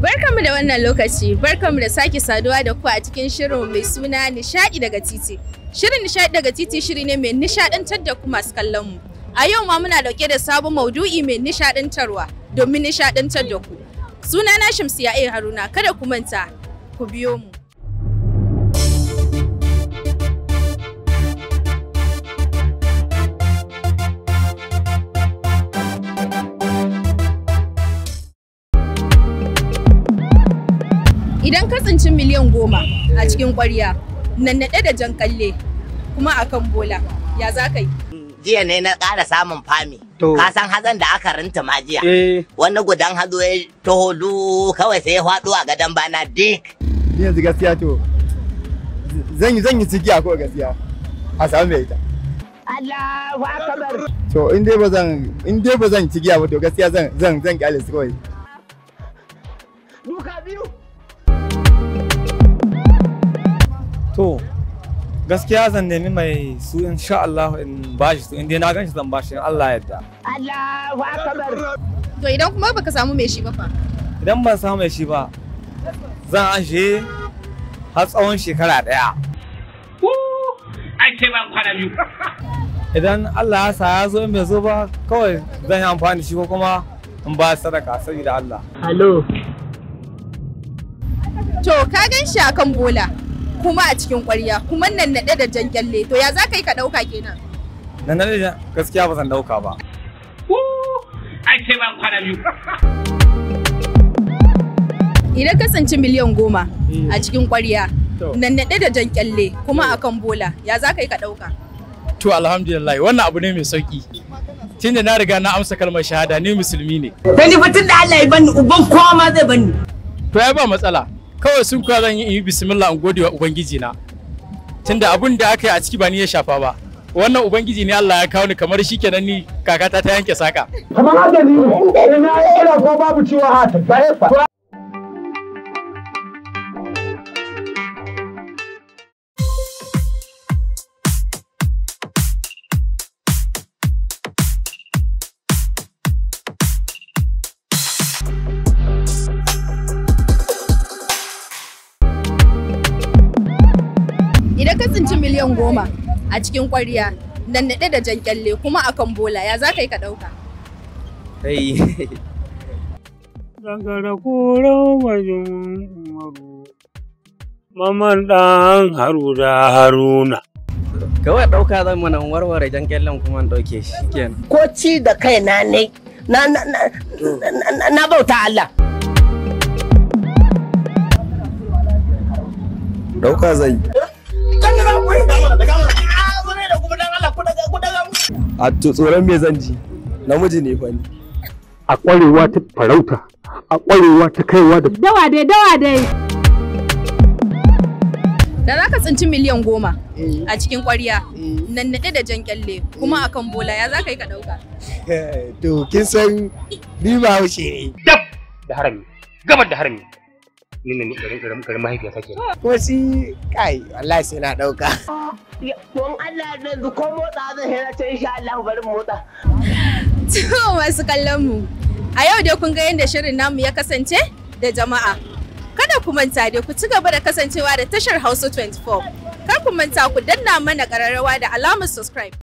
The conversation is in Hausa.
Barkanmu da wannan lokaci, barkanmu da sake saduwa da ku a cikin shirin mai suna nishaɗi daga titi. Shirin nishaɗi daga titi shiri ne mai nishadantar da ku masu kallon mu. A yau ma muna dauke da sabon maudu'i mai nishadantarwa domin nishadantar da ku. Sunana Shamsiya A Haruna, kada ku manta, ku biyo mu. idan ka tsinci miliyan goma a cikin na ɗaya da jan kalle kuma akan bola ya za ka yi jiya ne na ƙara samun fami ka san hazan da aka rinta ma jiya eh. wani gudan hazo ya taho kawai sai ya faɗo a gadon bana dik yanzu gaskiya to zan yi zan yi cikiya ko gaskiya a samu mai ita Allahu akbar to in dai ba zan in dai ba zan cikiya ba to gaskiya zan zan zan kyale su kawai duka biyu to gaskiya zan nemi mai su in sha Allah in bashi su in na gan shi zan bashi shi Allah yadda Allahu akbar to idan kuma baka samu mai shi ba fa idan ban samu mai shi ba zan ashe har tsawon shekara daya an ce ban kwana biyu idan Allah ya sa ya zo in bai zo ba kawai zan yi amfani da shi ko kuma in ba sadaka saboda Allah hello to ka gan shi akan bola kuma a cikin ƙwarya kuma nan naɗe da jan kyalle to ya za ka yi ka ɗauka kenan nan naɗe gaskiya ba zan ɗauka ba idan ka tsinci miliyan goma a eh. cikin ƙwarya nan naɗe da jan kyalle kuma akan bola ya za ka yi ka ɗauka to alhamdulillah wannan abu ne mai sauki tun da na riga na amsa kalmar shahada ni musulmi ne. ni mutum da Allah ya bani uban kowa ma zai bani. To ya ba matsala. kawai sun kuwa zan yi in yi bismillah in gode wa ubangiji na tunda abun da aka yi a ciki ba ni ya shafa ba wannan ubangiji ne Allah ya kawo ni kamar shi kenan ni kakata ta yanke saka kamar haka ne ina ko babu ciwo a ta idan ka tsinci miliyan goma a cikin kwariya nannaɗe da jan kyalle kuma akan bola ya za ka yi ka ɗauka? Hey. Daga da koran wajen maman ɗan haru da haruna. Kawai ɗauka zan mana warware jan kyallen kuma ɗauke shi kenan. Ko ci da kai na ne, na bauta Allah. Ɗauka zan yi. a tsoron me zan ji namiji ne fa ni a kwarewa ta farauta a kwarewa ta kaiwa da dawa dai dawa dai da za ka tsinci miliyan goma eh. a cikin eh. Nan naɗe da jan kyalle kuma a kan bola ya za ka yi ka ɗauka to kin san ni ba wuce ne dab da harami gabar da harami ni ne garin garin mahaifiya take ko si kai wallahi sai na dauka don Allah da ko motsa zan hira ta insha Allah bari motsa to masu kallon mu a yau dai kun ga yadda shirin namu ya kasance da jama'a kada ku manta dai ku ci gaba da kasancewa da tashar Hausa 24 kar ku manta ku danna mana kararrawa da alamar subscribe